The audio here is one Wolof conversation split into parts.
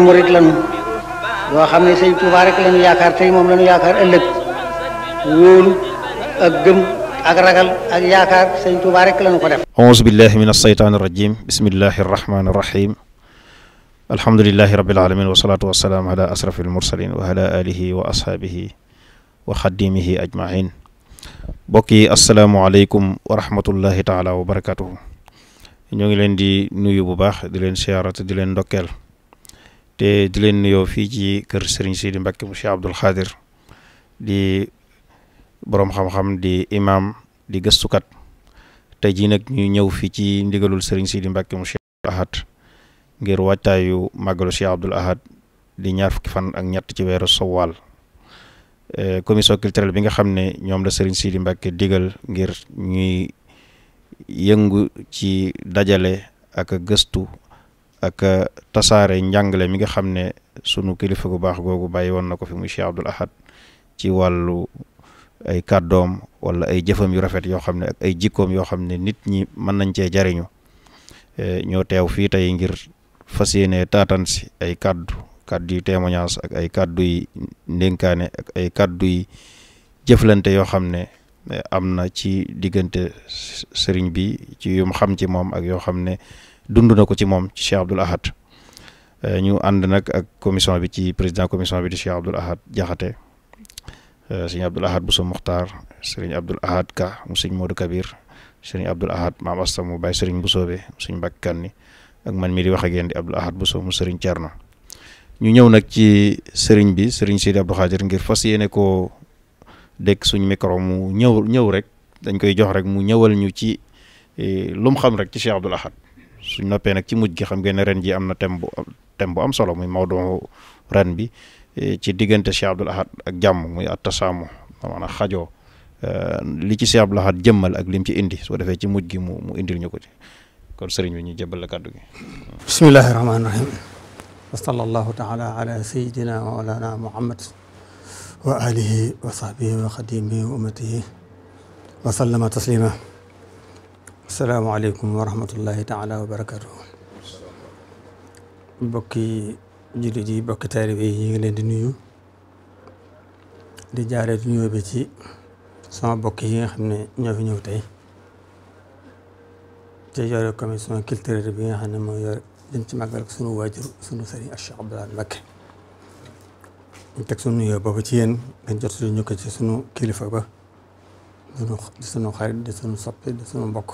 murit lañu yoo xam ne sëñ Tuubaa rek lañu yaakaar tey moom lañu yaakaar ëllëg wóolu ak gëm ak ragal ak yaakaar sëñ Tuubaa rek lañu ko def auzu billahi min alsheytaan irrajim bismillahi arrahmani irrahim alhamdulilahi rabilalamin wasalatu wasalaam ala asrafi almursalin wa ala alihi wa ashaabihi wa xadimihi ajmain mbokk yi asalaamualeykum wa rahmatullahi taala wa barakatuhu ñoo ngi leen di nuyu bu baax di leen siyaarata di leen ndokkeel te di leen nuyoo fii ci kër Serigne Sidi Mbacke mu Cheikh Abdoul Khadir di boroom xam-xam di imam di gëstukat tey jii nag ñu ñëw fii ci ndigalul Serigne Sidi Mbacke mu Cheikh Abdoul Ahad di ñaar fukki fan ak ñett ci weeru Sowal eh, commission culturelle bi nga xam ne ñoom la Serigne Sidi Mbacke digal ngir ñuy yëngu ci dajale ak gëstu. ak euh, tasaare njàngale mi nga xam ne sunu kilifa gu baax googu bàyyi woon na ko fi muy Cheikh Abdoul Ahad ci wàllu ay kàddoom wala ay jëfam yu rafet yoo xam ne ak ay jikkoom yoo xam ne nit ñi mën nañ cee jariñu euh, ñoo teew fii tey ngir fas yéene taatan si ay kàddu kàddu yu témoignage ak ay kàddu yi ndénkaane ak ay kàddu jëflante yoo xam ne euh, am na ci diggante sëriñ bi ci yum xam ci moom ak yoo xam ne dundu na ko ci moom ci Cheikh Abdoul Ahad eh, ñu ànd nag ak commission bi ci président commission bi di Cheikh Abdoul Ahad Jaxate eh, sëñ Abdoul Ahad Bousso Muxtaar sëriñ Abdoul Ahad Ka mu sëñ Modou Kabir sëriñ Abdoul Ahad maam mu bàyyi sëriñ ak man mii di wax ak yéen di Abdoul Ahad Bousso mu sëriñ Cerno ñu ñëw nag ci sëriñ bi sëriñ Sidi Abdou Khadir ngir fas yéene ko dégg suñ micro mu ñëw ñëw rek dañ koy jox rek mu ñëwal ñu ci eh, lum xam rek ci Cheikh Abdoul Ahad suñ noppee nag ci mujj gi xam ngeen ren ji am na thème bu bu am solo muy Maodo ren bi e, ci diggante Cheikh Abdoul Ahad ak jàmm muy attasaamo maanaam xajoo e, li ci Cheikh Abdoul Ahad jëmmal ak lim ci indi soo defee ci mujj gi mu mu indil ñu ko ci kon sëriñ bi ñu jëbal la kàddu gi bismillahi rahmaani rahim wa sallallahu taala ala sayidina wa mawlana muhammad wa alihi wa sahbihi wa xadimihi wa ummatihi wa sallama taslima asalaamaaleykum wa rahmatullahi taala wa barakaatu. bokki jullit yi bokki taalibe yi ñu ngi leen di nuyu di jaaree di nuyoo bi ci sama bokk yi nga xam ne ñoo fi ñëw tey te yore commission culturelle bi nga xam ne mooy yore jëm ci màggal ko sunu waajur sunu sëriñ ak Cheikh Abdoulaye Mbacké ñu teg sunu nuyoo boobu ci yéen dañ jot suñu ñu ko ci sunu kilifa ba sunu di sunu xarit di sunu soppi di sunu mbokk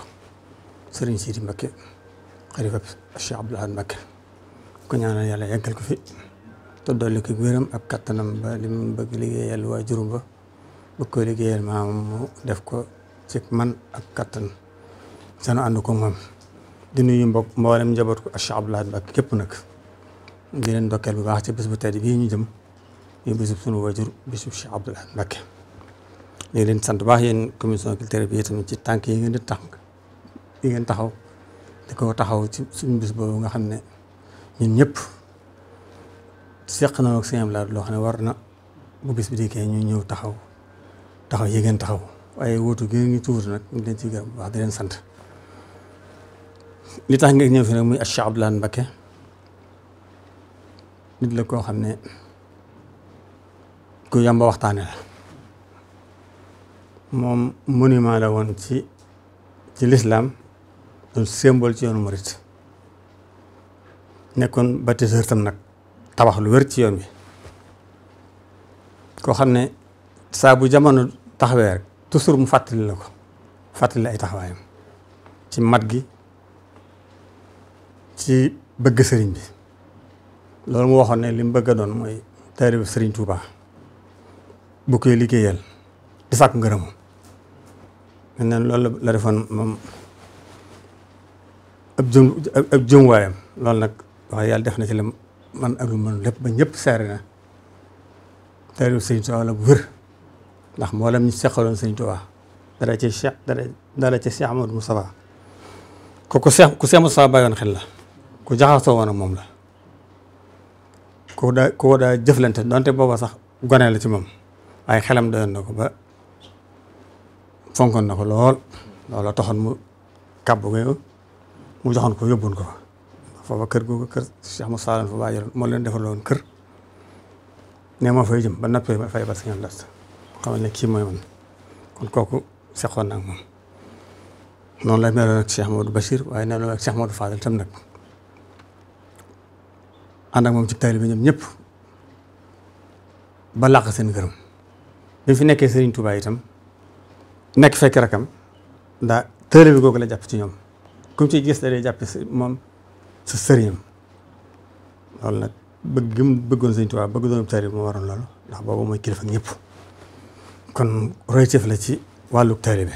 sëriñ Sidi Mbakke xalifa Cheikh Abdoul Ahad Mbakke ko ñaanal yàlla yàggal ko fi te dolli ko wéram ak kattanam ba li liggéeyal waa juróom liggéeyal maam mu def ko man ak kattan sanu ànd ko moom di nuyu mbok mboolem njaboot ko Cheikh Abdoul Ahad Mbakke képp nag di leen bu baax ci bés bu tedd bii ñu jëm yu bésub sunu waajur bésub Cheikh Abdoul Ahad Mbakke di leen baax yéen commission culturelle bi tamit ci tànk yi ngeen di tànk bi ngeen taxaw di ko taxaw ci suñu bis boobu nga xam ne ñun ñëpp seq na ak seen laat loo xam ne war na bu bis bi dikkee ñu ñëw taxaw taxaw yi ngeen taxaw waaye wutu gi ngi tuuti nag ñu leen ci gërëm wax sant li tax nga ñëw fi nag muy Cheikh Abdou Lahad Mbacké nit la koo xam ne ku yamba waxtaane la moom monument la woon ci ci lislaam doon symbole ci yoonu murit nekkoon bâtisseur tam nag tabax lu wér ci yoon bi koo xam ne saabu bu jamono taxawee rek toujours mu fàttali la ko fàttali la ay taxawaayam ci mat gi ci bëgg sëriñ bi loolu mu waxoon ne li mu bëgg a doon mooy taalibu sëriñ Touba bu koy liggéeyal di sàkku ngërëmam. mais nag loolu la defoon moom. ab jëm jëmuwaayam loolu nag wax yàlla def na ci la man ak lu mën lépp ba ñëpp saare na tariw sëñ Tuubaa bu wër ndax mboolem ñu seqaloon sëñ Tuubaa dara ci Cheikh dara dara ci Cheikh Amadou Moustapha ko ku Cheikh ku Cheikh Moustapha bàyyoon xel la ku jaxasoo woon moom la ku daa ku daa jëflante donte booba sax gone la ci moom ay xelam doyoon na ko ba fonkoon na ko lool looloo taxoon mu kàbb mu joxoon ko yóbbuwoon ko foofa kër googu kër Cheikh Moussa Sall fa moo leen defaraloon kër ne moo fay jëm ba nappee ba fay ba si ñoom las xamal ne kii mooy woon kon kooku seqoon na noonu la meloon ak Cheikh Modou Bachir waaye meloon ak Cheikh Modou Fadel tam nag ànd ak moom ci taalibe bi ñoom ñëpp ba làq seen gërëm bi fi nekkee Serigne Touba itam nekk fekk rakam ndaa taalibe bi googu la jàpp ci ñoom. kum ci gis da day jàppe moom sa sëriñam loolu nag bëgg gëm bëggoon sëñ Tuubaa bëgg doon taalibe moo waroon loolu ndax boobu mooy kilifa ñëpp kon royteef la ci wàllu bi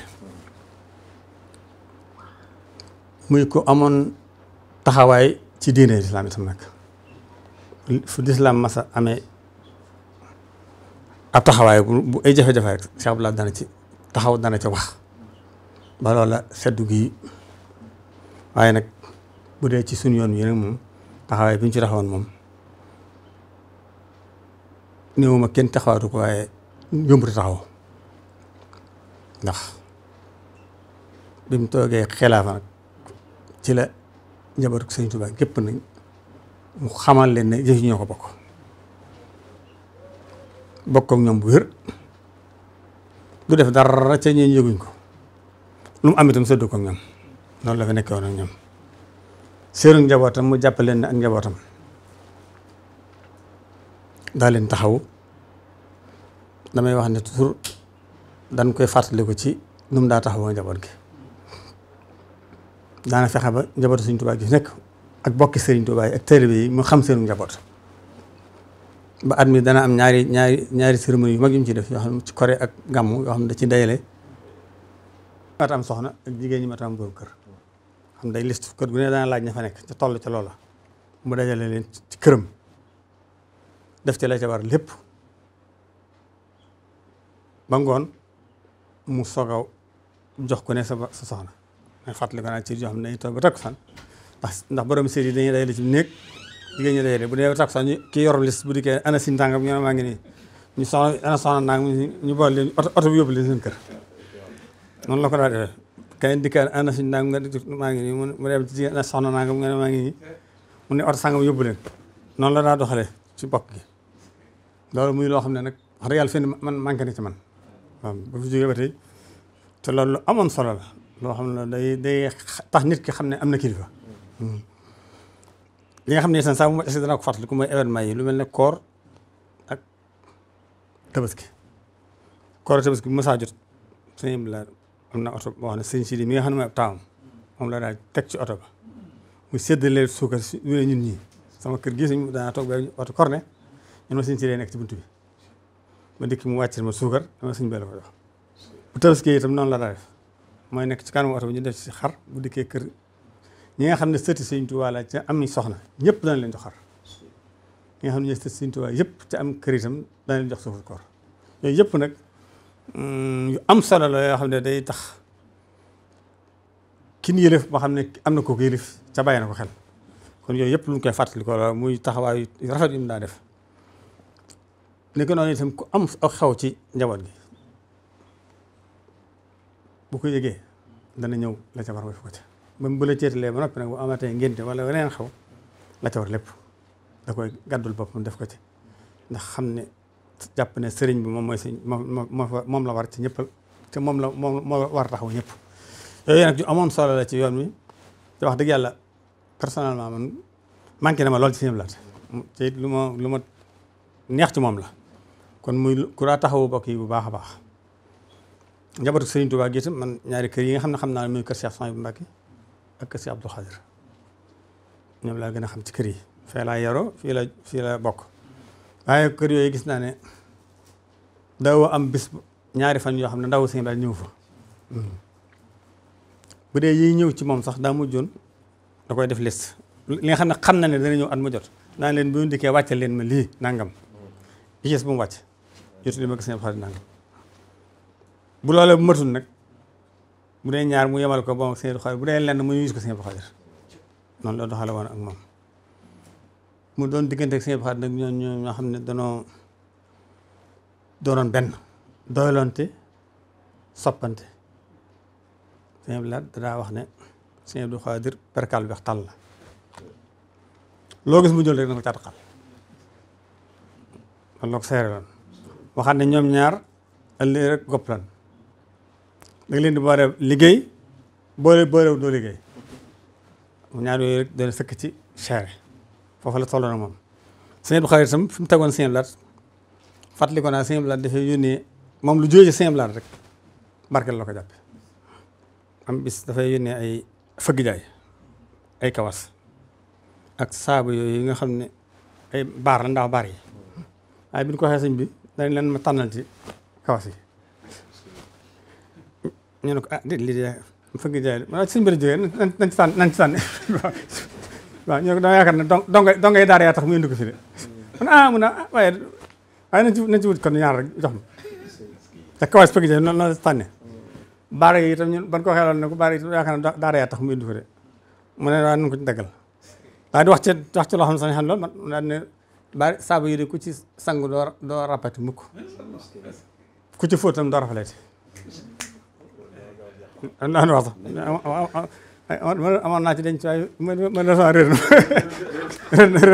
muy ko amoon taxawaay ci diine lislaam itam nag fu lislaam masa amee ab taxawaay bu ay jafe-jafe rek Cheikh Abdoulaye dana ci taxaw dana ci wax ba loola seddu waaye nag bu dee ci suñu yoon wi nag moom taxawaay bi ñu ci taxawoon moom néewuma kenn taxawaatu ko waaye yombut taxaw ndax bi mu toogee xilaafa nag ci la njabootu Sëñ Tuubaa gépp nañ mu xamal leen ne jëf ko bokk bokk ak ñoom bu wér du def dara ca ñeen yëguñ ko lu mu am itam sëddoo ko ak ñoom noonu la fa nekkee woon ak ñoom seenu njabootam mu jàppaleen ne ak njabootam daa leen taxaw damay wax ne toujours dañ koy fàttaliku ci nu mu daa taxawoo njaboot gi daana fexe ba njaboot Sëriñ Tuubaa gi nekk ak bokki Sëriñ ak taalibe yi mu xam seenu njaboot ba at mi dana am ñaari ñaari ñaari cérémonie yu mag yu mu ci def yoo xam ne ci koré ak gàmmu yoo xam ne da ci dayale mataam soxna ak jigéen ñi mataam borom kër xam day liste kër gu ne dana laaj ña fa nekk ca mu dajale leen ci këram def ci la ca lépp ba ngoon mu soog a jox ku ne sa sa soxna may fàttali ko naa ci joo xam ne dañuy toog ba takk fan ndax ndax borom séet yi dañuy dajale ci néeg jigéen ñi dajale bu dee ba takk fan ñu kii yorum liste bu dikkee ana si tàngam ñu ne maa ngi nii ñu soxna ana soxna ñu boole leen oto bi yóbbu leen seen kër noonu la ko daa defee kaay dikkaat ana suñ nangam nga maa ngi nii mu dem ci ana soxna ne maa ngi mu yóbbu leen noonu la daa doxalee ci bokk gi loolu muy loo xam ne nag wax dëgg yàlla fii man amoon solo la loo xam ne day nit ki xam ne am na kilifa hmm. li nga xam ne sax saa bu ma dese danaa ko fàttali ku mooy événement yi lu mel ne koor ak tabaski koor ak tabaski bu ma saa jot sëñ bi laa am na oto boo xam ne sëñ si di mi nga xam ne mooy ab moom la daal teg ci oto ba mu séddalee suukar si ñu ne ñun ñii sama kër gii suñ daanaa toog oto korne ñun ma sëñ si dee nekk ci buntu bi ma dikk mu wàcceel ma suukar dama sëñ bee la ko jox bu tabaskee itam noonu la daal def mooy nekk ci kanamu oto bi ñu def ci xar bu dikkee kër ñi nga xam ne sëti sëñ Tuubaa la ca am soxna ñëpp dana leen jox xar ñi nga xam ne ñooy sëti sëñ Tuubaa yëpp ci am kër yi dana leen jox suufu koor yu am solo la yoo xam ne day tax kin yëlëf boo xam ne am na kooku yëlëf ca bàyyi na ko xel kon yooyu yëpp lu ñu koy fàttali ko la muy taxawaay rafet yu mu daa def ni ko noonu itam am ak xew ci njaboot gi bu ko yëgee dana ñëw la ca war nga fi ko ca même bu la ceetalee ba noppi nag bu amatee ngénte wala weneen xew la ca lépp da koy gàddul boppam def ko ci ndax xam ne jàpp ne sëriñ bi moom mooy sëñ moom moom la war ci ñëpp te moom la moom moo war taxaw ñëpp yooyu nag ju amoon solo la ci yoon wi te wax dëgg yàlla personnellement man manqué na ma lool ci sëñ Ablaat te lu ma lu ma neex ci moom la kon muy ku daa taxawu bokk yi bu baax a baax njabootu sëriñ Tuubaa gi itam man ñaari kër yi nga xam ne xam naa ne muy kër Cheikh Sonia bu Mbàkke ak kër Cheikh Abdou Khadir ñoom laa gën a xam ci kër yi fee laa yaroo fii la fii la bokk waaye kër yooyu gis naa ne daaw am bis ñaari fan yoo xam ne ndaw sëñ daal ñëw fa mm-hmm. bu dee yiy ñëw ci moom sax daa mujjoon da koy def liste li nga xam ne xam na ne dana ñëw at mu jot naan leen bu ñu dikkee wàccal leen ma lii nangam mm-hmm. gis bu mu wàcc jotu li ma gis ne xarit nangam bu loolee bu matul nag bu dee ñaar mu yemal ko ba mu seen xarit bu dee lenn mu ñu gis ko seen xarit noonu la doxale woon ak moom mu doon diggante ak sëñ Abdu Xaadir nag ñoo xam ne danoo doonoon soppante sëñ Abdu wax ne sëñ Abdu Xaadir perkal bi mu jël rek na ñoom ñaar ëllëg rek gopplan da nga leen di boole liggéey boole boolewu doo liggéey mu ñaar yooyu rek dana seere foofu la tolloon moom sëñ Abdou Khadre itam fi mu tegoon sëñ Abdou Lahad fàttali ko naa sëñ Abdou Lahad dafay yónnee moom lu jógee ci sëñ Abdou Lahad rek barkeel la ko jàppe bis dafay yónnee ay fëgg ay kawas ak saabu yooyu nga xam ne ay baar la ndax baar yi waaye bi ñu ko waxee sëñ bi dañ leen ma tànnal yi ñu ne ko ah déet lii de fëgg jaay ma ah, sëñ bi la jógee nañ ci tànn nañ ci tànn waaw ñoo dama yaakaar ne dongay dongay daara yaa tax mu indi ko fi de man ah mu ne ah, waaye waaye nañ ci nañ ci wut kon ñaar rek jox ma te kawas pëgg noonu la tànne baara yi itam ñun ban ko xeloon ne ko baara yi itam yaakaar ne daara yaa tax mu indi de mu ne waaye nañ ko ci daal di wax ci wax ci loo xam ne sañ xam loolu man daal ne yi de ku ci sangu doo doo rapati mukk ku ci fóotam doo rafalete man amoon naa ci denc waaye man man de sax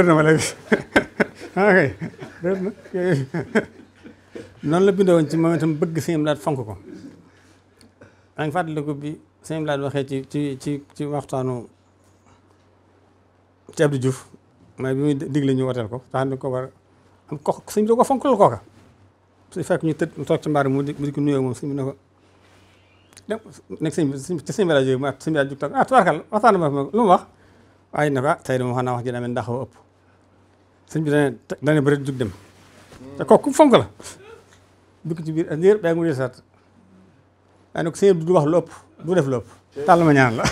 na ma léegi ok na la bindoo woon ci moom itam bëgg sëñ Abdou fonk ko maa ngi fàttaliku bi sëñ Abdou waxee ci ci ci ci waxtaanu ci Abdou Diouf mooy bi muy digle ñu woteel ko tax ni ko war am ko sëñ bi ko fonk la kooka su fekk ñu tëdd mu toog ci mbaar mu di mu di ko nuyoo moom sëñ bi ko dem nekk sëñ bi sëñ bi rajo yi mu at bi rajo jug ah tubaarkal waxtaan na ma lu mu wax waaye ne ko ah, tey de moom xam naa wax ji daa mel ëpp sëñ bi dana dana jug dem te kooku fonk la dugg ci biir ndiir day mu desaat waaye nag sëñ bi du wax lu ëpp du def lu ëpp tàll ma ñaan la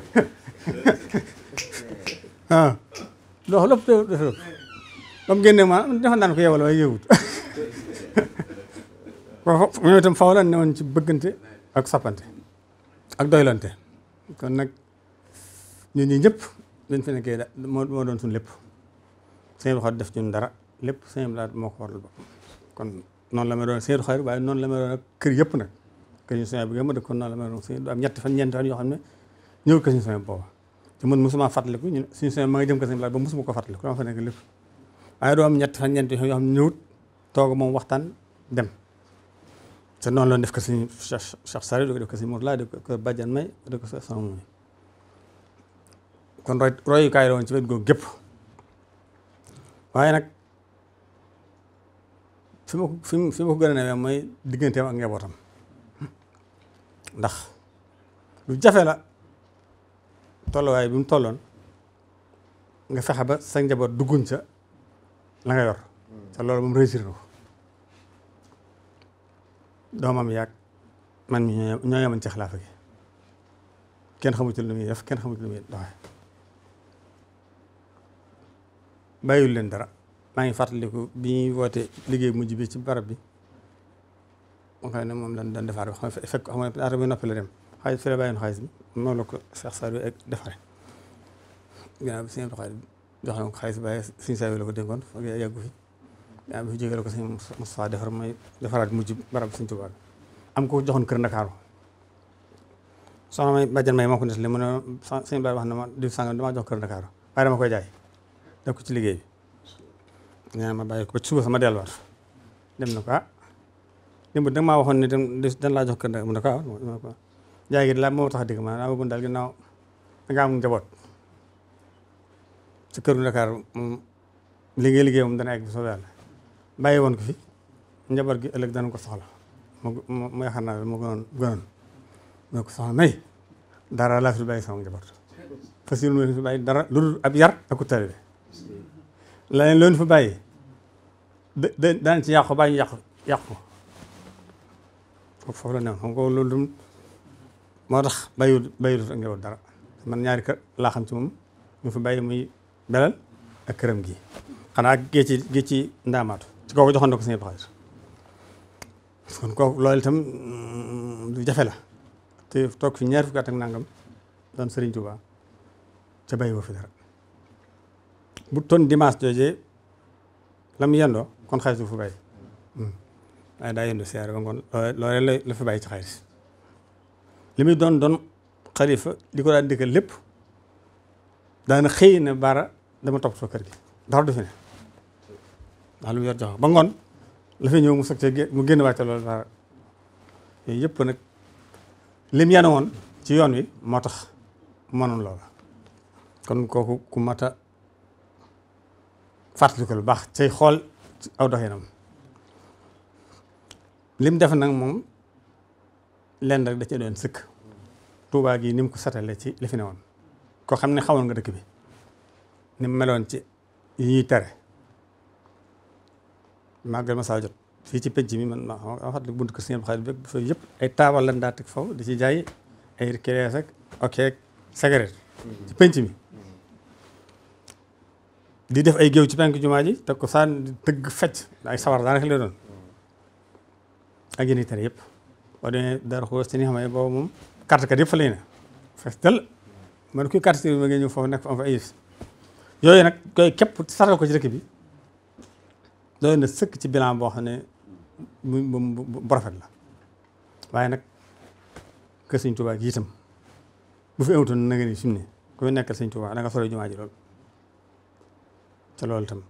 ah du wax lu ëpp du def lu ëpp ba mu génnee ma defoon naan ko yeewal waaye yeewut ñoom itam faaw la ne woon ci bëggante ak soppante ak doylante kon nag ñun ñi ñëpp dañ fi nekkee da moo doon suñu lépp seen xol def ñun dara lépp seen laat moo ko waral ba kon noonu la ma doon seen xol waaye noonu la ma doon kër yëpp nag kër ñu soñe bi nga ma dëkkoon noonu la ma doon seen am ñetti fan ñeenti fan yoo xam ne ñëw kër ñu soñe booba te man mosuma fàttaliku ñun suñu soñe ma nga jëm kër seen laat ba mosuma ko fàttaliku dama fa nekk lépp waaye doo am ñetti fan ñeenti yoo xam ne ñëwut toog moom waxtaan dem te noonu la def ko suñu Cheikh Sary def ko suñu Mourala def ko Badiane May def ko sama moom kon roy royukaay la woon ci wet googu gépp waaye nag fi ma ko fi ma ko gën a newee mooy digganteem ak njabootam ndax lu jafe la tolluwaay bi mu tolloon nga fexe ba sa njaboot dugguñ sa la nga yor te loolu moom réussir na ko doomam yaag man mi ñoo yemoon ci xilaafa gi kenn xamut lu muy def kenn xamut lu muy doxee bàyyul leen dara maa ngi fàttaliku bi ñuy woote liggéey mujj bi ci barab bi mu xam ne moom lañ doon defar ba xam fekk xam nga daara la dem xaalis fi la bàyyoon xaalis bi noonu la ko Cheikh Saliou ak defaree ginnaaw bi seen doxalin jox na ko xaalis bàyyi Sëñ la ko dénkoon yàggu fi. daa defar may defaraat mujj barab sëñ Tuubaa ko joxoon kër Ndakaaru soxna may bàjjan may moo ko na ma diw sàngam damaa jox kër koy jaay def ci liggéey ma bàyyi ko ba ci suba sama delluwaat dem na ko ah démb nag maa waxoon ne dañ laa jox kër Ndakaaru mu ne ko ah, moo tax a dégg daal ginnaaw da ci kër Ndakaaru moom liggéey moom dana egg bu soobee yàlla bàyyi woon ko fi njaboot gi ëllëg dana ko soxla mu mu yaakaar naa mu gënoon gënoon mu ko soxla nay dara laa fi bàyyi sama njaboot fas yéene fi bàyyi dara lu dul ak taalibe leneen loolu fa bàyyi da daan ci yàqu bàyyi yàqu yàqu ko foofu la ne xam nga dum moo tax bàyyiwul bàyyiwul ak dara man ñaari kër laa xam ci moom ñu fi bàyyi muy belal ak këram gi xanaa géej ci géej ci ndaamaatu ci kooku joxoon na ko Sëñ Abdou Khadre kon kooku loolu itam mm, jafe la te toog fi ñaar fukki at ak nangam doon Serigne Touba ca bàyyi woo fi dara bu ton dimanche joojee la mu yendoo kon xaalis fu bàyyi ba mm. ngoon loolu la la fi ci xaalis li muy doon doon xalifa li ko daan dikkal lépp daana xëy na baara dama toppatoo kër gi dara du fi ne ndax lu mu ba ngoon la fi ñëw mu sëg cee mu génn wàcce loolu dara yooyu yëpp nag lim yane woon ci yoon wi moo tax mënoon loola kon kooku ku mat a lu baax cay xool aw doxinam lim def nag moom lenn rek da cee doon sëkk tuubaa gi ni mu ko satale ci li ne woon koo xam ne xawoon nga dëkk bi ni meloon ci yi ñuy tere màggal ma saa jot fii ci penc mi man ma xam ne buntu kër Sëñ Abdou Khadre bi foofu yëpp ay taabal lan daa teg foofu di ci jaay ay kerees ak ok ak cigarette ci penc mi di def ay géew ci penk jumaa ji teg ko saan tëgg fecc ay sawar daanaka lay doon ak yéen itam yëpp boo demee Darou Khoudoss ci ni xam ne boobu moom carte kat yëpp fa lay ne fees dal man kuy carte ma ngi ñëw foofu nekk fa am fa ay yooyu nag koy képp satal ko ci dëkk bi doy na sëkk ci bilan boo xam ne bu rafet la waaye nag kër sëñ Tuubaa gi itam bu fi amutoon na nga ni suñu ne ku fi nekkal sëñ Tuubaa da nga sore jumaa ji lool te loolu itam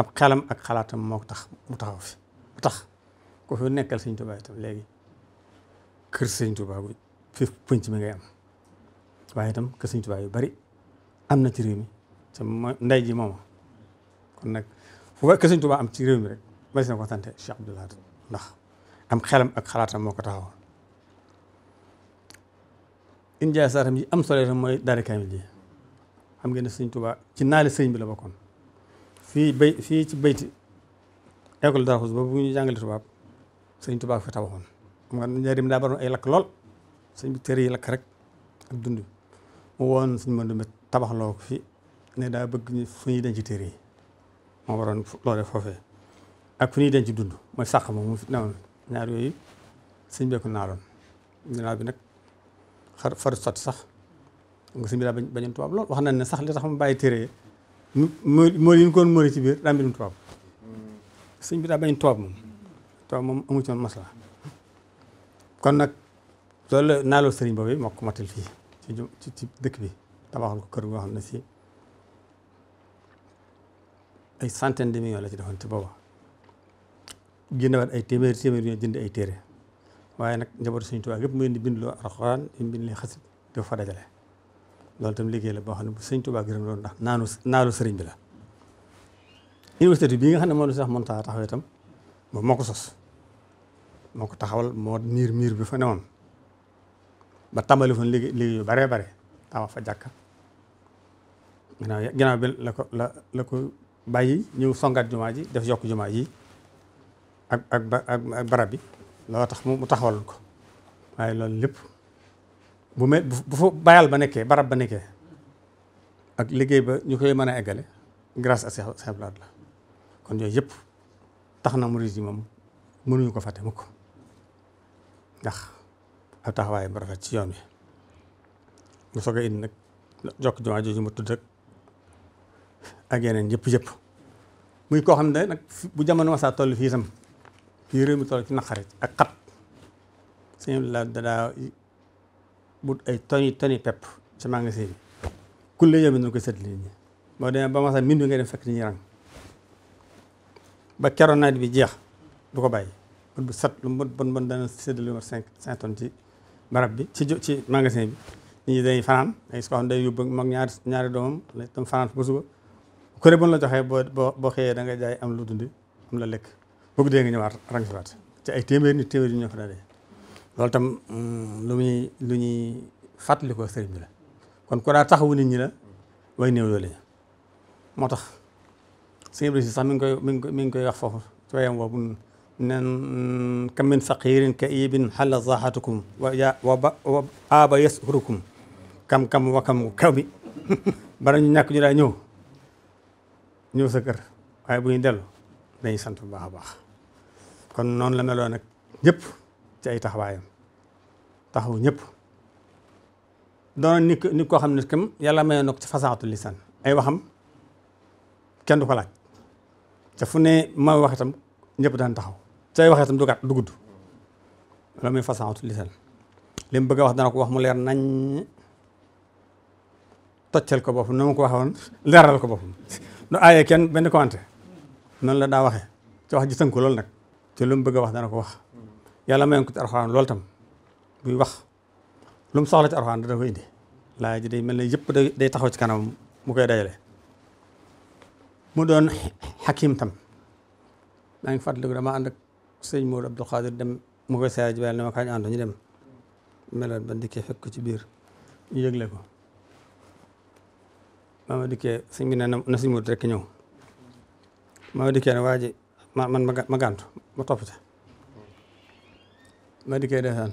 ab xelam ak xalaatam moo ko tax mu taxaw fi mu tax ku fi nekkal sëñ Tuubaa itam léegi kër sëñ Tuubaa bu fi pënc mi ngay am waaye itam kër sëñ Tuubaa yu bari am na ci réew mi te mooy ndey ji mooma kon nag fu ba kër sëñ am ci réew mi rek ma si na ko sante Cheikh Abdou ndax am xelam ak xalaatam moo ko taxawoon india saatam yi am solo mooy daari ji xam ngeen ne sëñ Tuubaa ci naale sëñ bi la bokkoon fii fii ci bayti école daraxus ba bu ñu jàngale tubaab sëñ Tuubaa fi tabaxoon xam nga njëriñ daa baroon ay lakk lool sëñ bi yi lakk rek ak dund mu woon suñ mën du tabax loo ko fi ne daa bëgg ñu fu ñuy denc téere yi moo waroon loolee foofee ak fu ñuy denc dund mooy sàq ma mu newoon ñaar yooyu sëñ bee ko naaloon ginnaaw bi nag xar faru sotti sax nga sëñ bi daa bañoon tubaab lool wax nañ ne sax li tax mu bàyyi téere moo yi ñu koon mori ci biir daa mbirum tubaab sëñ bi daa bañoon tubaab moom tubaab moom amu ci woon masla kon nag loolu naaloo sëriñ boobu moo ko matal fii ci ci dëkk bi tabaxal ko kër goo xam ne si ay centaine de millions la ci defoon ci booba jëndewaat ay téeméeri téeméeri ñoo jënd ay téere waaye nag njabootu Sëriñ Tuubaa yëpp mu leen di bindloo alxuraan di bind leen xasit di fa dajale loolu itam liggéey la boo xam ne bu Sëriñ Tuubaa gërëm loolu ndax naanu naalu sëriñ bi la université bii nga xam ne moo lu sax mën taa taxaw tam moom moo ko sos moo ko taxawal moo miir miir bi fa newoon ba tàmbali fa liggéey liggéey yu bare tama fa jàkka ginnaaw bi la ko la la ko bàyyi ñëw songaat jumaa ji def yokk jumaa yi ak ak ak barab bi loo tax mu taxawal ko waaye loolu lépp bu mel bu fa bayal ba nekkee barab ba nekkee ak liggéey ba ñu koy mën a eggale grass à Cheikh la kon yooyu yëpp tax na mu yi moom mënuñu ko fàtte ko ndax ab taxawaay bu rafet ci yoon wi mu soog a indi nag jokk jumaa jooju ma tudd ak ak yeneen yëpp yëpp muy koo xam ne nag bu jamono masaa toll fii itam fii réew mi toll ci naqare ak xat sëñ la ay toni toni pepp ci magasin bi kulle yëmi nañ ko seet lii ñi boo demee ba masaa min bi ngay dem fekk ñuy rang ba keroon nawet bi jeex du ko bàyyi bët bu sat lu bon bon bon dana séddale ma cinq cinq tonnes ci barab bi ci ci magasin bi nit dañuy fanaan ay su ko xam ne day yóbbu mag ñaari ñaari doomam tam fanaan ba suba kure bu la joxee boo boo xëyee da nga jaay am lu dundi am la lekk boo guddee nga ñëwaat rangsiwaat te ay téeméer nit téeméer yi ñoo fa loolu tam mm, lu muy lu ñuy fàttali ko sëriñ bi la kon ku daa taxawu nit ñi la way néew doole moo tax sëriñ bi si sax mi ko koy mi ngi koy mi ngi koy wax foofu ci wayam boobu nen kam min faqirin ka ibin xala zaxatukum wa wa aaba yasurukum kam kam wa kam kaw bi bara ñu ñàkk ñu daa ñëw ñëw sa kër waaye bu ñu dellu dañuy sant bu baax a baax kon noonu la meloon nag ñëpp ci ay taxawaayam taxaw ñëpp doonoon nit nit koo xam ne kam yàlla mayoon na ko ci fasaatu lisan ay waxam kenn du ko laaj te fu ne ma wax itam ñëpp daan taxaw te ay wax itam du gàtt du gudd loolu mooy fasaatu lisan li mu bëgg a wax dana ko wax mu leer nañ toccal ko boppam na ma ko waxoon leeral ko boppam du aaye kenn benn konte noonu la daa waxee ci wax ji tënku lool nag ci lu mu bëgg a wax dana ko wax yàlla mayoon ko ci alxuraan loolu tam buy wax lu mu soxla ci alxuraan dana ko indi laaj ji day mel ne yëpp day taxaw ci kanam mu koy dajale mu doon xakim tam maa ngi fàttaliku dama ànd ak sëñ Maodo Abdou Khadir dem mu koy saa ji bàyyi ne ma kañ ànd ñu dem meloon ba ndikkee fekk ko ci biir ñu yëgle ko maa ma dikkee sëñ bi ne na sëñ maa ma dikkee ne waa ji ma man ma gàntu ma topp ca ma dikkee desaan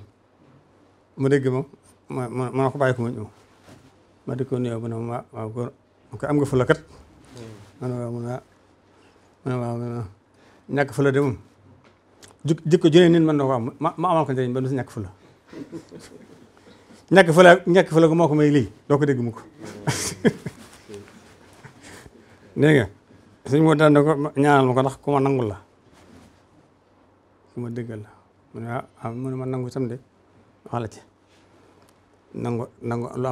mu dégg moom ma ma ko bàyyi ko mu ñëw ma dikkoo nuyoo bu ne ma waaw góor mu am nga fula kat ma ne ah. waaw de moom jikko junee nit mën na am ma amal ko njëriñ ba du si ñàkk fula ñàkk fula ñàkk moo ko may lii doo ko ko dégg nga sëñ moo daan ko ñaanal ma ko ndax ku ma nangul la ku ma dëggal la mu ne ah mu ne ma nangu itam de ci nangu nangu lu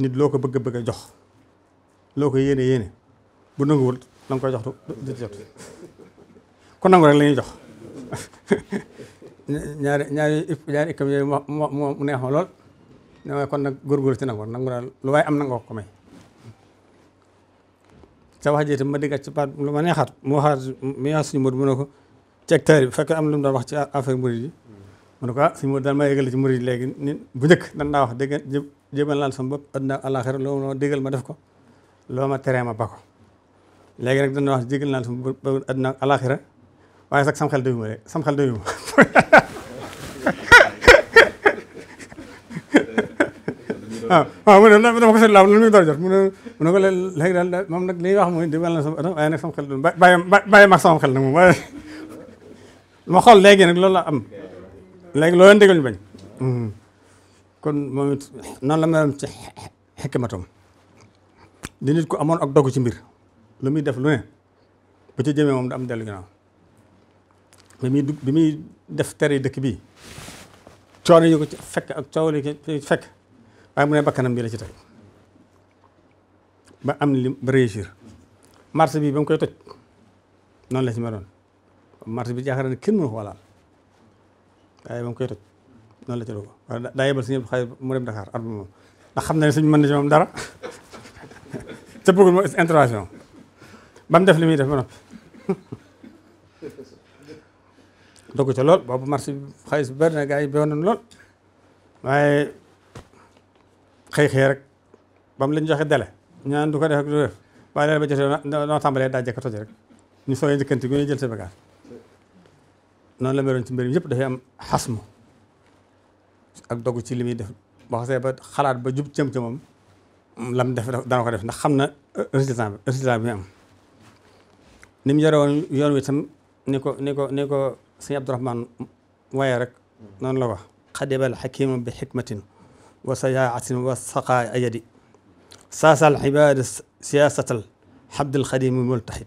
nit loo ko bëgg bëgg jox loo ko yéene bu nanguwul la koy jox du jot ku nangu rek la jox ñaari ñaari ñaari ikkam yooyu mu neex ma lool ne waaye kon nag góorgóor ci nangu nangu daal lu waaye am nangoo ko may te wax jiite ma déggat ci baat lu ma neexaat mu waxaat mu yaa suñu Modou mu ne ko ci hectare fekkee am na lu mu doon wax ci affaire murid yi mu ne ko ah suñu Modou daal ma yëgal ci murid yi léegi ni bu njëkk dan daa wax dégg jëmal laal sama bopp àddina àllaaxira loo ma déggal ma def ko loo ma teree ma ba ko léegi nag dana wax jégal naa sama bopp àddina waaye sax sam xel doyuma rek sam waaw waaw mu ne dama ko seet laaw lu muy door jot mu ne mu ne ko léegi daal moom nag li wax mooy dimbal na sama waaye nag xool léegi nag loolu la am léegi loo leen déglu ñu bañ la meloon ci xekkimatam ak dogu ci mbir lu muy def lu ci jëmee moom da am bi muy bi def tere dëkk bii coono yi ko fekk ak coow li fekk waaye mu ne bakkanam bii la ci teg ba am li ba réussir marché bi ba mu koy toj noonu la ci meloon marché bi jaaxal na kenn mënu ko walaal waaye ba mu koy toj noonu la ci doon waaye daa xam na ne mën na ci moom dara def li muy def ba noppi dogg ca lool boobu marché bi xaalis bi bëri na gaa yi bewoon lool waaye. xëy xëy rek ba mu lañ joxe dele ñaan du ko def ak du def waaye ba jotee noo tàmbalee daa jekk toj rek ñu sooyee njëkkanti ñu jël sa bagage noonu la meroon ci mbir mi yëpp dafay am xasmu ak dogu ci li muy def boo xasee ba xalaat ba jub cëm ca moom lam def dana ko def ndax xam na résultat bi résultat bi muy am ni mu yore woon yoon wi ni ko ni ko ni ko sëñ Abdourahmane waaye rek noonu la wax xadibal xakimu bi xikmatin وسياعة وسقاء يدي ساس العباد سياسة الحبد الخديم الملتحد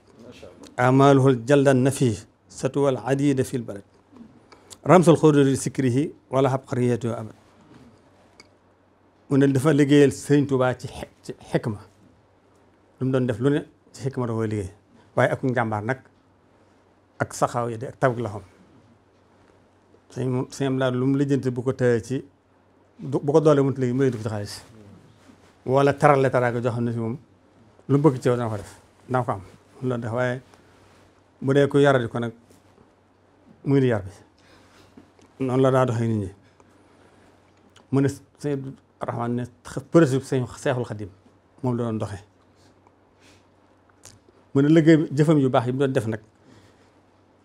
أعماله الجل النفي ستوى العديد في البلد رمز الخضر لسكره ولا هب قريته أبد mu ne dafa liggéeyal sëñ Tuubaa ci ci xikma lu doon def lu ne ci xikma da koy waaye ak njàmbaar nag ak saxaaw yi de ak taw gi la xam sëñ mu lijjanti bu ko ci bu ko doolee mënut léegi mu lay dugg ci xaalis wala taral la taraanga joo xam ne si moom lu mu bëgg ci yow dana ko def dana ko am def waaye bu dee ku yaradi ko nag mu ngi di yar bi noonu la daa doxee nit ñi mu ne sëñ Rahmaan ne principe sëñ Seexul Xadim moom la doon doxe mu ne liggéey bi jëfam yu baax yi mu doon def nag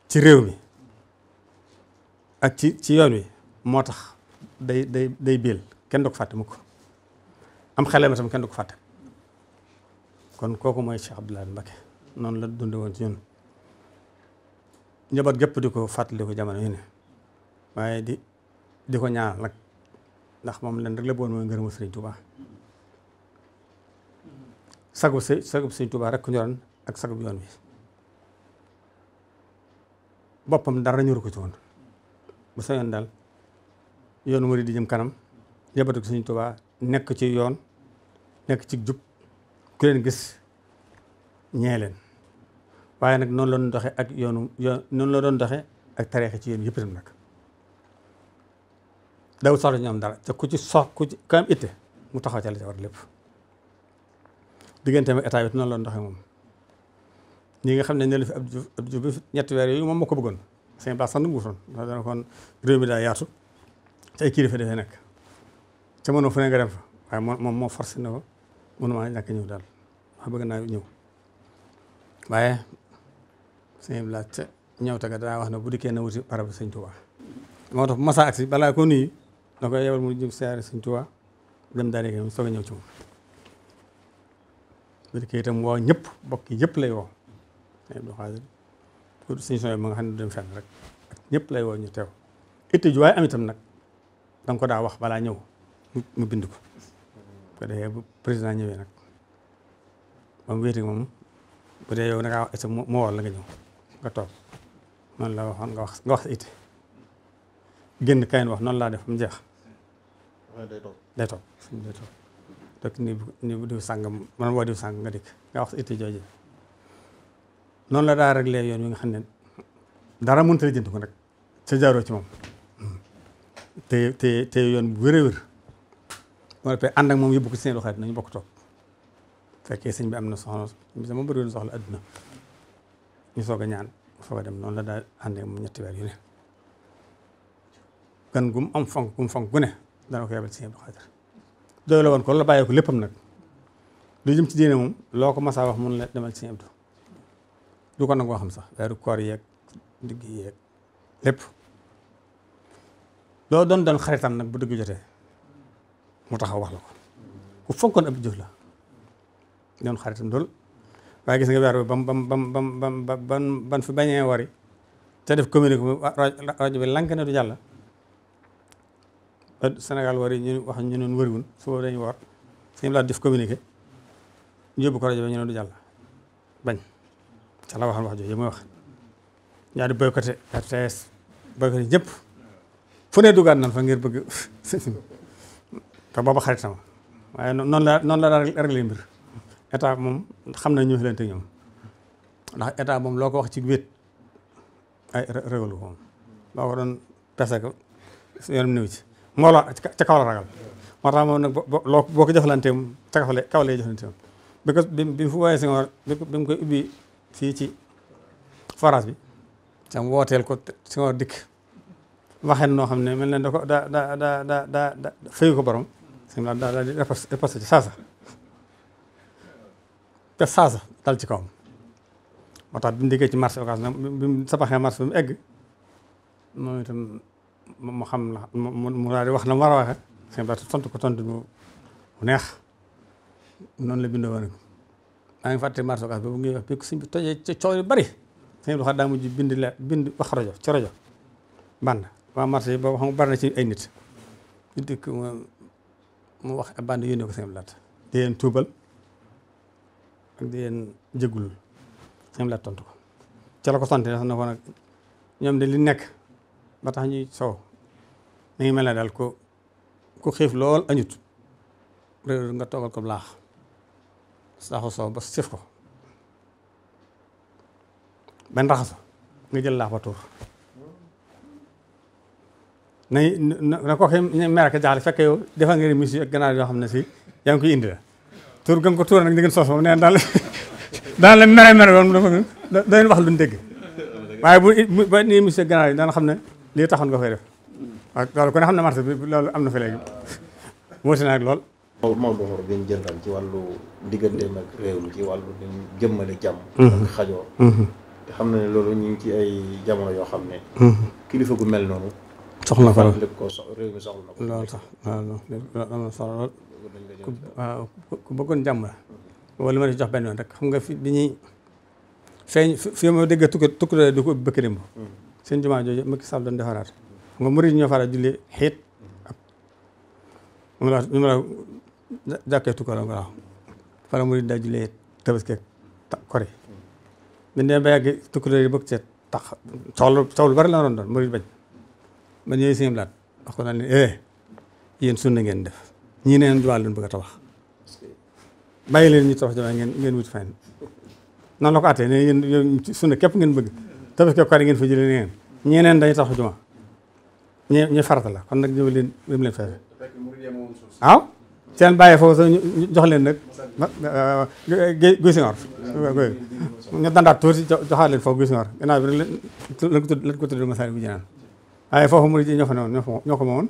ci réew mi ak ci ci yoon wi moo tax day day day biil kenn du ko fàtte mukk am xale ma tam kenn du ko fàtte kon kooku mooy Cheikh Abdoulaye Mbacké noonu la dunde woon ci ñun njaboot gépp di ko fàttali ko jamono yu ne waaye di di ko ñaanal nag ndax moom leen rek la boon mooy ngërëmu Sëriñ Tuubaa sagub si sagub Sëriñ Tuubaa rek ku ñoroon ak sagub yoon bi boppam dara ñuru ko ci woon bu sañoon daal yoonu murid di jëm kanam yebatu ko Sëriñ Tuubaa nekk ci yoon nekk ci jub ku leen gis ñee leen waaye nag noonu la doon doxee ak yoonu yoon noonu la doon doxee ak tariixa ci yéen yëpp itam nag daw soxla ñu am dara te ci sox ku ci ka mu taxaw ca la ca war lépp digganteem ak noonu la doon doxee moom ñi nga xam ne ne la fi Abdou Diouf Abdou Diouf ñetti weer yooyu moom moo ko bëggoon seen place sax nu mu wutoon dana kon réew mi daa yaatu te ay kilifa dafay nekk ca moom moo forcé na ko mënuma ñàkk ñëw daal wax bëgg naa ñëw waaye sëñ bi laaj ca ñëw taga danaa wax ne bu dikkee na wuti barab sëñ Tuuba moo tax masa si balaa ko nuyu da koy yebal mu jëm siyaare sëñ Tuuba dem daal di ñëw ci moom bu dikkee itam woo ñëpp bokk yëpp lay woo sëñ Abdou sooy ma nga xam ne du dem fenn rek ñëpp lay woo ñu teew itte ju waaye am nag danga ko daa wax balaa ñëw mu bind ko ko defee bu président ñëwee nag ba mu wéeti moom bu dee yow nag ngaa wax it mu woo la nga ñëw nga toog noonu la waxoon nga wax nga wax sa it génn kayin wax noonu laa def mu jeex. day toog day toog day toog donc nii nii bu diw sàngam man woo diw sàng nga dikk nga wax sa it jooju noonu la daal réglé yoon wi nga xam ne dara mënut a jënd ko nag sa jaaroo ci moom. te te te yoon bu wér a wér moo ànd ak moom yëpp ko ci seen loxo nañu bokk toog fekkee sëñ bi am na soxla sama bëri soxla adduna ñu soog a ñaan soog dem noonu la daal ànd ak moom ñetti weer yu ne gan gum am fonk gum fonk gu ne dana ko yebal ci seen loxo doy la woon ko la bàyyee ko léppam nag lu jëm ci diine moom loo ko masaa wax mun la demal ci seen du nag nangoo xam sax weeru koor yeeg digg yeeg lépp loo doon doon xaritam nag bu dëgg jotee mu taxaw wax la ko ku fonkoon Abdou Diouf la doon xaritam lool waaye gis nga weer bi bam bam bam bam bam bam ban fi bañee wari te def communiqué rajo bi lank ne du jàll Sénégal wari ñu wax ñu noon wariwun suba dañu war suñu laa def communiqué ñu yóbbu ko rajo bi ñu ne du jàll bañ ca la waxal wax jooju mooy wax ñaari boycotté RTS boycotté ñëpp fu ne dugaat nan fa ngir bëgg te booba xarit sama waaye noon la noonu la daa réglé mbir état moom xam nañ ñu xelante ñoom ndax état moom loo ko wax ci wét ay régalu ko moom loo ko doon pese ko yoonam néew ci mbooloo ca kaw la ragal moo tax moom nag loo boo ko jëflantee moom ca kaw la kaw lay jëflantee moom bi ko bi bi fu waaye Senghor bi mu koy ubbi fii ci forage bi sam wooteel ko Senghor dikk waxen noo xam ne mel na da ko da da da da da fayu ko borom sëñ la daal di riposte ci saasa te saasa dal ci kawam moo tax bi mu diggee ci marché occas nag bi mu sabaxee marché bi mu egg moom itam mu xam la mu daal di wax la mu war a waxee sëñ bi tontu ko tontu bu neex noonu la bindoo woon maa ngi fàtte marché occas boobu ngay wax bi suñ bi tojee ci coow yu bari sëñ bi daa mujj bind la bind wax rajo ci rajo band waa marché yi boobu xam nga bari na ci ay nit ñu dikk mu wax ab bande yónnee ko seen laat di leen tuubal ak di leen jégul seen laat tontu ko ca ko sant sax na ko nag ñoom de li nekk ba tax ñuy sow mi ngi mel na daal ko ku xiif lool añut réer nga toogal ko laax saaxu sow ba sëf ko benn raxasu nga jël laax ba tuur nañ na ko xëy mer ak jaaxle fekk yow defal nga mus ak ganaar yoo xam ne si yaa ngi koy indi la tur gën ko tuura nag di ngeen sos moom neen daal daal la mere mere da leen wax luñ dégg bu ba ni mus ak ganaar yi daan xam ne lii tax taxoon nga koy def ak loolu a xam ne marché bi loolu am na fi léegi si naa ak lool Maodo Mor bi ñu jëndal ci wàllu digganteem ak réew mi ci wàllu jëmmale jàmm mm-hmm. ak xajoo mm-hmm. xam na ne loolu ñu ngi ci ay jamono yoo xam ne mm-hmm. kilifa gu mel noonu soxna fa la loolu sax am na solo lool waaw ku bëggoon jàmm la wala ma di jox benn yoon rek xam nga fi bi ñuy feeñ fi ma dégg tukki tukki di ko bëkk démb seen jumaa jooju nga murid ñoo faral julli xiit ak mu la ñu ma la jàkkee tukki la nga waaw fa la murid daa jullee tabaski ak kori bi ne ba yàgg tukki yi bëgg seet tax soxla bari la doon doon murid bañ ba ñëwee sëñ Ablaat wax ko naan leen eh sunna ngeen def ñii neen jumaa leen bëgg a tabax bàyyi leen ñu tabax jumaa ngeen ngeen wuti fenn nan la ko àttee ne yéen sunna képp ngeen bëgg tabax képp ngeen fa jëlee neen ñeneen dañuy tabax jumaa ñe ñe farata la kon nag ñëw leen ñëw leen fexe waaw seen bàyyi foofu sax jox leen nag guy guy singor ñu dandaat tuuti joxaat leen foofu guy singor gannaaw bi rek lañ ko tudd lañ ko tudd Masaalikul Jinaan waaye foofu murid yi ñoo fa newoon ñoo fa ñoo ko moomoon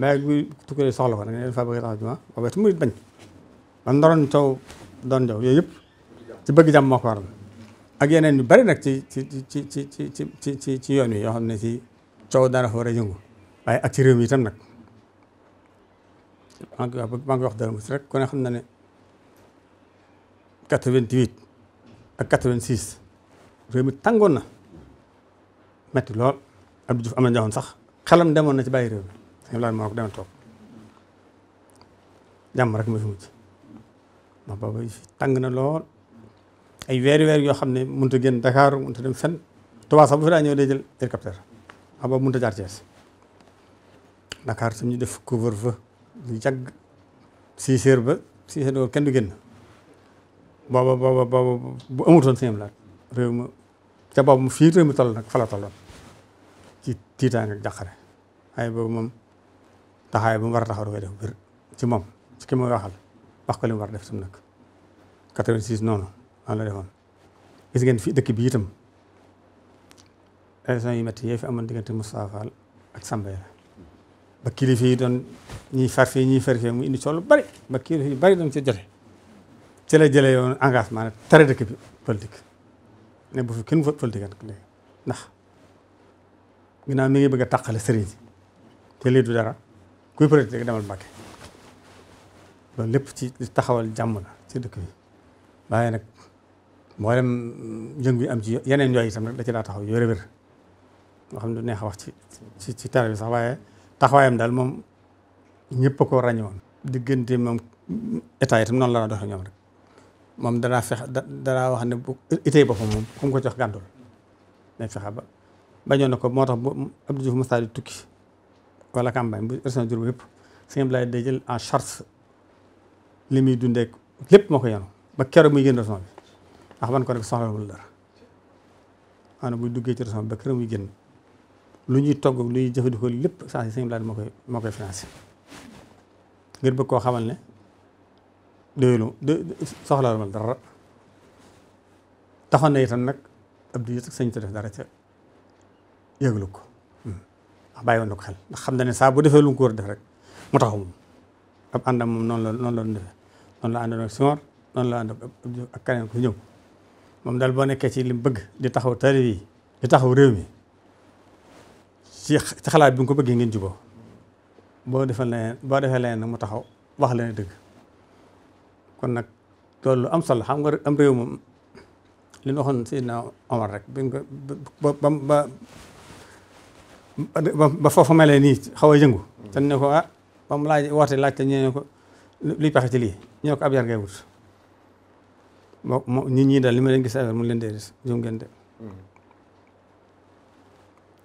waaye bu tukkee soxla ko da ngay fa bëgg taxaw jumaa boobee murid bañ man ndoroon coow doon jaw yooyu yëpp ci bëgg jàmm moo waral ak yeneen yu bari nag ci ci ci ci ci ci ci ci yoon wi yoo xam ne ci coow dara fa war a yëngu waaye ak ci réew mi itam nag maa ngi wax maa wax dara si rek ku ne xam na ne 88 ak 86 réew mi tàngoon na metti lool. Abdou Diouf am na njaxoon sax xelam demoon na ci bàyyi réew mi sëñ Abdoulaye moo ko demoon toog jàmm rek ma fi mujj ndax booba tàng na lool ay weeri weer yoo xam ne mënut a génn Dakar mënut a dem fenn Tuubaa sax bu fi daa ñëw day jël hélicoptère ah boobu mënut a jaar Thiès Dakar tam ñu def couvre-feu lu yàgg six ba six heures kenn du génn booba booba booba bu amutoon sëñ Abdoulaye réew ma te boobu fii réew mi toll nag fa la tolloon ci tiitaange ak jàqare ay boobu moom taxaay bu mu war a taxaw da koy def wér ci moom ci ki muy waxal wax ko li mu war a def tam nag 86 noonu noonu la defoon gis ngeen fii dëkk bi tam élection yi métti yee fi amoon diggante Moustapha Fall ak Samba la ba kilifa yi doon ñuy far fii ñuy far fii mu indi sol lu bari ba kilifa yu bari doon ci jote ci la jëlee yoon engagement ne dëkk bi politique ne bu fi kenn politique léegi ndax ginnaaw mi ngi bëgg a taqale sëriñ si te lii du dara kuy politique rek demal Mbàkke lépp ci taxawal jàmm la ci dëkk bi waaye nag mboolem yëngu yi am ci yeneen yooyu itam nag da ci laa taxaw yore wér nga xam du neex a wax ci ci ci tara bi sax waaye taxawaayam daal moom ñëpp a ko ràññewoon diggante moom état itam noonu la doxee ñoom rek moom danaa fex danaa wax ne bu itee boppam moom ku mu ko jox gàntul nañ fexe ba bañoon ne ko moo tax bu Abdou Diouf Moussa di tukki wala campagne bu région Diourbel yëpp sëñ Abdoulaye day jël en charge li muy dundee lépp moo ko yenu ba keroog muy génn région bi man ko rek soxlawul dara maanaam buy duggee ci ba keroog muy génn lu ñuy togg luy ñuy jëfandikoo lépp saa sëñ Abdoulaye moo koy moo koy financé ngir bëgg koo xamal ne lu soxla soxlawul dara taxoon na itam nag Abdou Diouf sañ def dara ca. yëglu ko ndax bàyyi woon ko xel ndax xam na ne saa bu defee lu ko war a def rek mu taxaw moom ab àndam moom la noonu la doon defee noonu la àndoon keneen ku ñëw moom daal boo nekkee ci li mu bëgg di taxaw tari yi di taxaw réew mi ci ci xalaat bi nga ko bëggee ngeen juboo boo defal leneen boo defee leneen nag mu taxaw wax la ne dëgg kon nag loolu am solo xam nga am réew moom li ñu waxoon Seydina Omar rek bi nga ko ba foofu melee nii xaw a yëngu te ko ah ba mu laaj woote laajte ñu ne ko luy pexe ci lii ñu ne ko ab yar ngay wut moo li ma leen gis mu leen dee des jom ngeen de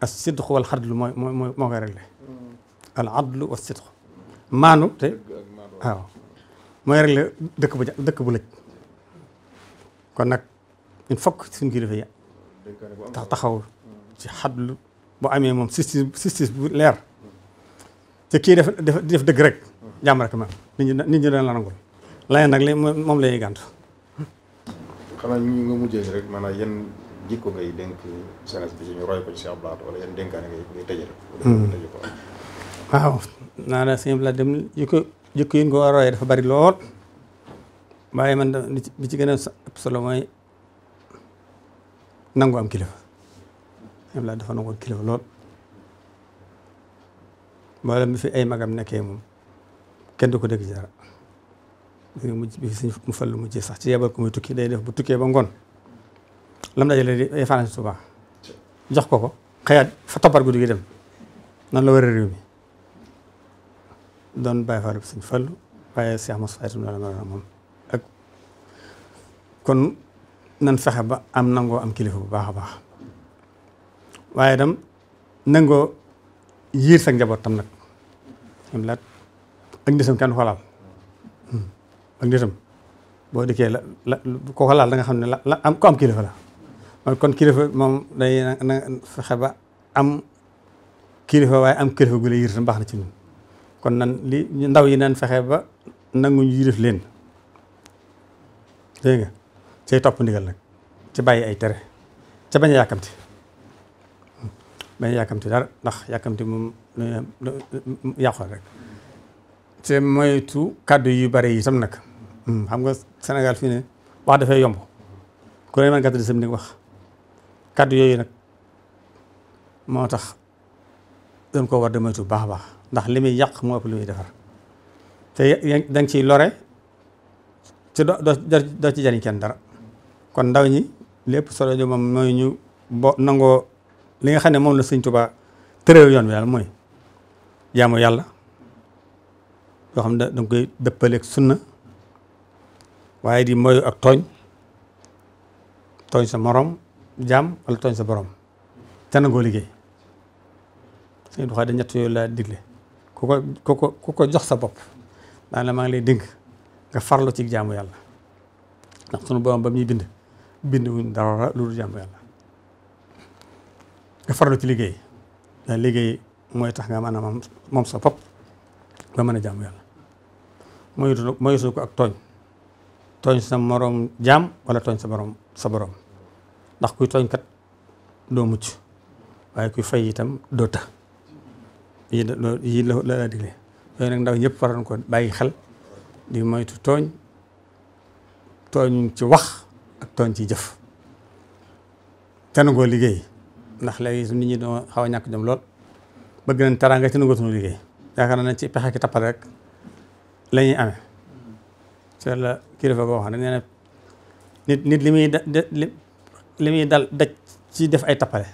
as sidqu moo koy réglé al adlu wa sidqu maanu te waaw mooy réglé dëkk bu dëkk bu lëj kon nag il faut que suñu kilifa yi tax taxaw ci xadlu boo amee moom justice sistis bu leer te kii def def dëgg rek jàmm rek ma nit ñi nit ñi daan la nangul laye nag li moom lay gàntu xam ñu nga mujjee rek maanaam yan jikko ngay dénk jeunesse bi ci ñu roy ko ci Cheikh la hmm. dem jikko jikko yi ñu ko war a dafa bari lool waaye man bi ci gën a solo mooy nangu am kilifa ñoom laa dafa nangoon kilifa lool mboolem bi fi ay magam nekkee moom kenn du ko dégg ci dara mu mujj bi suñ mu fallu sax ci yebal ko muy tukki day def bu tukkee ba ngoon lam dajale di ay fanaan si Tuubaa jox ko ko xëyaat fa toppar guddi gi dem nan la war a réew mi doon bàyyi faalu bi suñ fallu waaye Cheikh Moussa Faye itam loolu moom kon nan fexe ba am nangoo am kilifa bu baax a baax waaye dam nangoo yiir sa njaboot tam nag am laat ak kenn xoolaal hmm. ak ndisam boo dikkee la la ko xoolaal da nga xam ne la la am ko am kilifa la man kon kilifa moom day fexe ba am kilifa waaye am kilifa gu la yiir tam baax na ci ñun kon nan li ndaw yi naan fexe ba nangu ñu yilif leen dégg nga topp ndigal nag ci bàyyi ay tere ca bañ a yàkkamti bañ yàkkamti dara ndax yàkkamti moom yàqoon rek te moytu kàddu yu bare yi itam nag hmm, xam nga Sénégal fii ne wax dafay yomb ku ne man gàttal sam ni wax kàddu yooyu nag moo tax dañ ko war de moytu baax a baax ndax li muy yàq moo ëpp li muy defar te da nga ciy lore te doo doo ci jariñ kenn dara kon ndaw ñi lépp solo ñu moom mooy ñu bo nangoo li nga xam ne moom la sëñ Tuubaa tëréew yoon bi daal mooy jaamu yàlla yoo xam ne da nga koy dëppaleeg sunna waaye di moyu ak tooñ tooñ sa moroom jaam wala tooñ sa borom te nangoo liggéey sëñ Tuubaa da ñett yooyu laa digle ku ko ku ko ko jox sa bopp daan la maa ngi lay dénk nga farlu ci jaamu yàlla ndax sunu borom ba muy bind bind wuñ dara lu dul jaamu yàlla nga farlu ci liggéey liggéey mooy tax nga mën a moom sa bopp nga mën a jaamu yàlla moytu moytu ko ak tooñ tooñ sa moroom jaam wala tooñ sa moroom sa borom ndax kuy tooñ kat doo mucc waaye kuy fay itam doo ta yi yii la la la digle yooyu nag ndaw ñëpp waroon ko bàyyi xel di moytu tooñ tooñ ci wax ak tooñ ci jëf te nangoo liggéey ndax léegi nit ñi doo xaw a ñàkk jom lool bëgg nañ teraanga ci nangootuñu liggéey yaakaar naa nañ ci pexe ki tappal rek la ñuy amee la kilifa goo xam ne nee na nit nit li muy li muy dal daj ci def ay tappale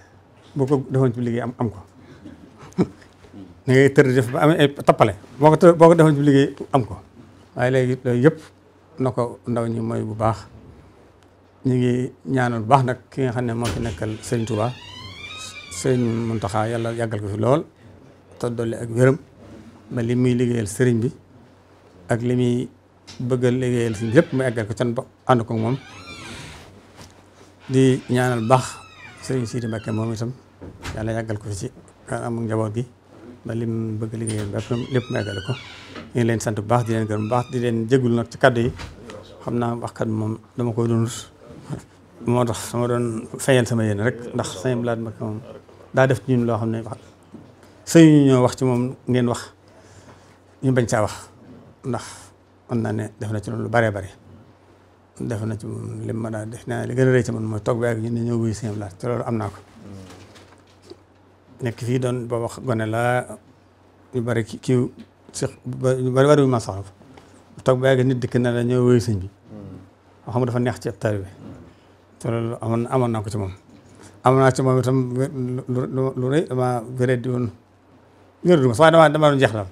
boo ko defoon ci liggéey am am ko ni ngay def ba amee ay tappale boo boo ko defoon ci liggéey am ko waaye léegi loolu yëpp na ko ndaw ñi mooy bu baax ñu ngi ñaanal bu baax nag ki nga xam ne moo fi nekkal Serigne Touba sëriñ Muntaxa yàlla yàggal ko fi lool te dolli ak wéram ma li muy liggéeyal sëriñ bi ak li muy bëgg a liggéeyal si yëpp mu eggal ko can ba ànd ko di ñaanal baax sëriñ Sidi yàggal ko fi amul njaboot bi ma lim bëgg liggéeyal ba lépp mu eggale ko ñu leen sant bu baax di leen gërëm bu baax di leen jéggul nag ci kàddu yi xam naa waxkat moom dama koy doon moo tax sama doon fayal sama yéen rek ndax sëñ Blad Mbacke moom daa def ci ñun loo xam ne wax sëñu ñoo wax ci moom ngeen wax ñu bañ caa wax ndax mën naa ne def na ci loolu lu baree bare def na ci moom lim ma daa def naa li gën a rëy ci man mooy toog bi ak ñëw wuyu seen laaj te loolu am naa ko nekk fii doon ba wax gone laa ñu bari ki kiw si ñu bari bari ma soxla toog ba nit dikk na la ñëw wuyu bi xam mm. nga dafa neex ci ab taalibe te loolu amoon amoon naa ko ci moom am na ci moom itam lu lu rëy dama wérédi woon wérédu ma sax waaye dama dama doon jeexal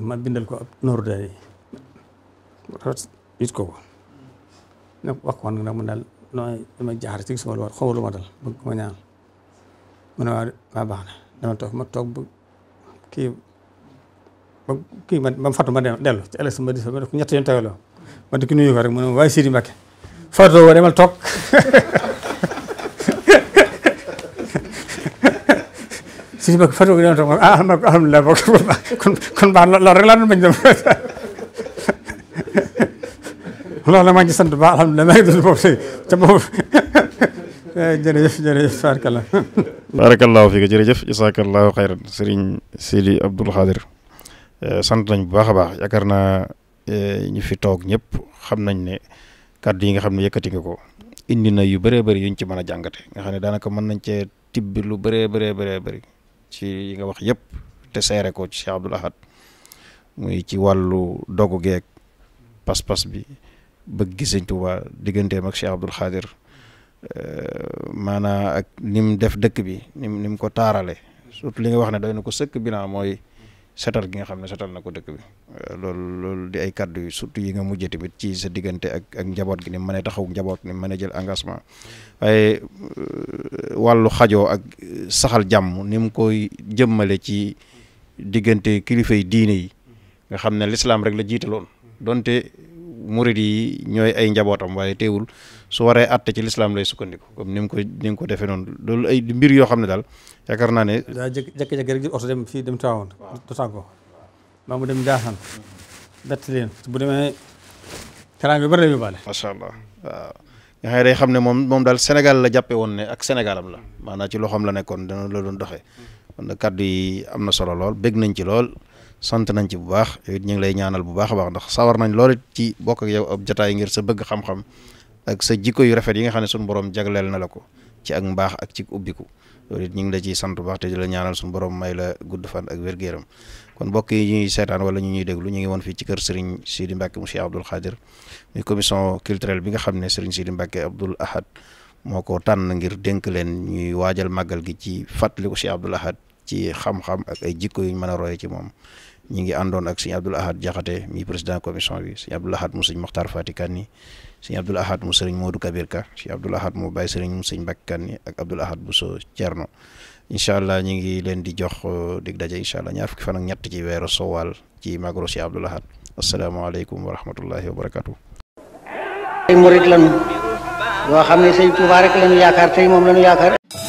ma bindal ko ab nooru daal yi it ko ko nag wax ko nag mun ci gisuma lu lu ma dal bëgg ma ñaan mu ne waa dama toog ma toog ba kii ba kii ma ma ma dellu ci ëllëg sama dis ma ma dikk nuyu ko rek mu ne waaye Sidi Mbacke fàttoo demal toog si si bëgg Fatou Ndiaye toog ah alhamdulilah bokk kon kon baax loolu rek sant bu baax alhamdulilah maa ngi jërëjëf jërëjëf barakallah. barakallahu sëriñ Sidi Abdul Xaadir eh, sant nañ bu baax a baax yaakaar naa eh, ñu fi toog ñëpp xam nañ ne kàddu yi nga xam ne yëkkati nga ko indi na yu bëree bëri yuñ ci mën a jàngate nga xam ne daanaka mën nañ cee tibb lu bëree bëree bëree bëri. ci yi nga wax yëpp te seere ko ci Cheikh Abdoul Ahad muy ci wàllu dogu geeg pas-pas bi bëgg gi Sëñ Tuubaa digganteem ak Cheikh Abdoul Xaadir euh, maanaa ak nim def dëkk bi nim nim ko taarale surtout li nga wax ne doy na ko sëkk bilan mooy setal gi nga xam ne setal na ko dëkk bi euh, loolu loolu di ay kàddu yu surtout yi nga mujjee tamit ci sa diggante ak njaboot gi ni mu mën a taxaw njaboot ni mu mën a jël engagement waaye euh, wàllu xajo ak saxal jàmm ni koy jëmmale ci diggante kilifa yi diine yi nga xam ne lislaam rek la jiitaloon donte murid ñooy ay njabootam waaye teewul su waree atte ci lislaam lay sukkandiku comme ni mu ko ni mu ko defee noonu loolu ay mbir yoo xam ne daal yaakaar naa ne. daa jékki-jékki rek di oto dem fii dem Tiwaawan. waaw du tàggoo. maa mu dem Ndiassane. bett leen bu demee karaan bi bari la ñu baale. allah waaw. nga xam ne moom moom daal Sénégal la jàppee woon ne ak Sénégalam la maanaa ci loxoom la nekkoon dana la doon doxee. kon nag yi am na solo lool bég nañ ci lool. sant nañ ci bu baax yooyu ñu ngi lay ñaanal bu baax a baax ndax sawar nañ lool ci bokk ak yow ab jotaay ngir sa bëgg xam-xam ak sa jikko yu rafet yi nga xam ne sunu borom jagleel na la ko ci ak mbaax ak ci ubbiku loolu ñu ngi la ciy sant baax te di la ñaanal sunu borom may la gudd fan ak wér yaram kon mbokk yi ñuy seetaan wala ñu ñuy déglu ñu ngi woon fii ci kër Serigne Sidi Mbacke mu Cheikh Abdoul Khadir muy commission culturelle bi nga xam ne Serigne Sidi Mbacke Abdoul Ahad moo ko tànn ngir denk leen ñuy waajal màggal gi ci fàttaliku Cheikh Abdoul Ahad ci xam-xam ak ay jikko yu mën a roye ci moom ñu ngi àndoon ak Serigne Abdoul Ahad Jaxate mi président commission bi Serigne Abdoul Ahad mu Serigne Mokhtar Fatickani sëñ Abdoul Ahad mu sëriñ Modou Kabir Ka sëñ Abdoul Ahad mu bàyyi sëriñ mu sëñ Bakkan ak Abdoul Ahad bu so Cerno incha allah ñu ngi leen di jox uh, dig daje incha allah ñaar fukki fan ak ci weeru Sowal ci magro sëñ Abdoul Ahad asalaamaaleykum wa rahmatullahi wa barakatu moom lañu yaakaar